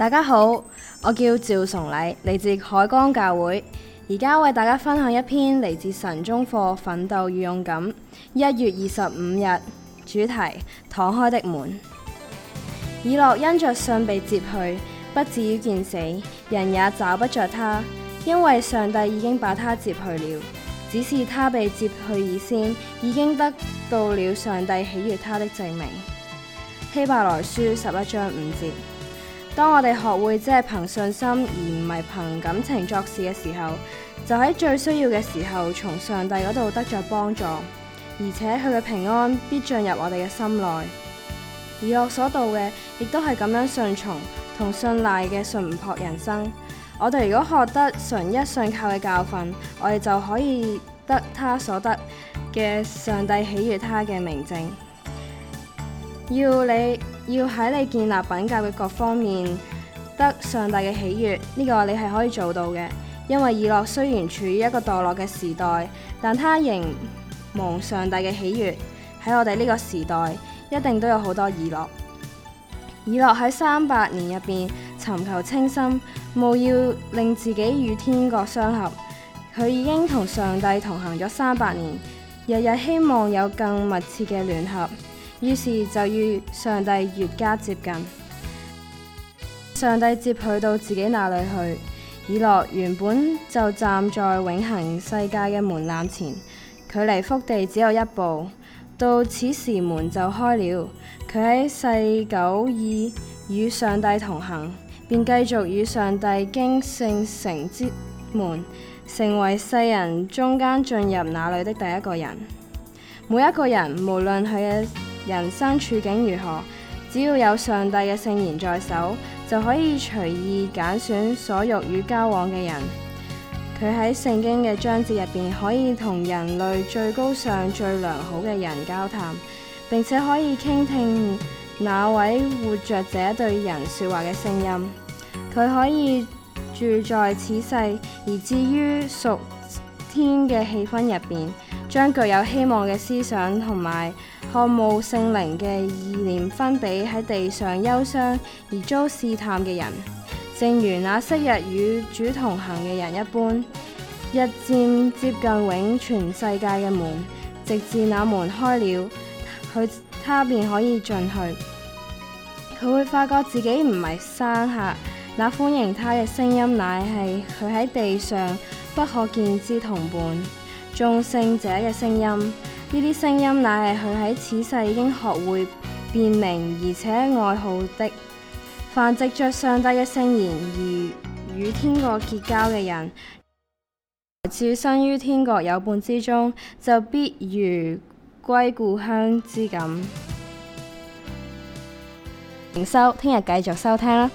大家好，我叫趙崇禮，嚟自海光教會，而家為大家分享一篇嚟自神中課《奮鬥與勇敢》。一月二十五日，主題：敞開的門。以諾因着信被接去，不至於見死，人也找不著他，因為上帝已經把他接去了。只是他被接去以先，已經得到了上帝喜悦他的證明。希伯來書十一章五節。當我哋學會只係憑信心而唔係憑感情作事嘅時候，就喺最需要嘅時候從上帝嗰度得着幫助，而且佢嘅平安必進入我哋嘅心內。而我所道嘅，亦都係咁樣順從同信賴嘅純樸人生。我哋如果學得純一信靠嘅教訓，我哋就可以得他所得嘅上帝喜悦他嘅明證。要你。要喺你建立品格嘅各方面得上帝嘅喜悦，呢、呢個你係可以做到嘅。因為以諾雖然處於一個墮落嘅時代，但他仍蒙上帝嘅喜悦。喺我哋呢個時代，一定都有好多以諾。以諾喺三百年入邊尋求清心，務要令自己與天國相合。佢已經同上帝同行咗三百年，日日希望有更密切嘅聯合。於是就與上帝越加接近，上帝接佢到自己那裡去。以諾原本就站在永恆世界嘅門檻前，距離福地只有一步。到此時門就開了，佢喺世久已與上帝同行，便繼續與上帝經聖城之門，成為世人中間進入那裡的第一個人。每一個人，無論佢嘅人生處境如何，只要有上帝嘅聖言在手，就可以隨意揀選所欲與交往嘅人。佢喺聖經嘅章節入邊，可以同人類最高尚、最良好嘅人交談，並且可以傾聽那位活着者對人說話嘅聲音。佢可以住在此世，而至於屬天嘅氣氛入邊。將具有希望嘅思想同埋渴慕聖靈嘅意念分俾喺地上憂傷而遭試探嘅人，正如那昔日與主同行嘅人一般，日漸接近永存世界嘅門，直至那門開了，佢他便可以進去。佢會發覺自己唔係生客，那歡迎他嘅聲音乃係佢喺地上不可見之同伴。眾勝者嘅聲音，呢啲聲音乃係佢喺此世已經學會辨明，而且愛好的。凡藉着上帝嘅聖言而與天國結交嘅人，置身於天國有伴之中，就必如歸故鄉之感。停收，聽日繼續收聽啦。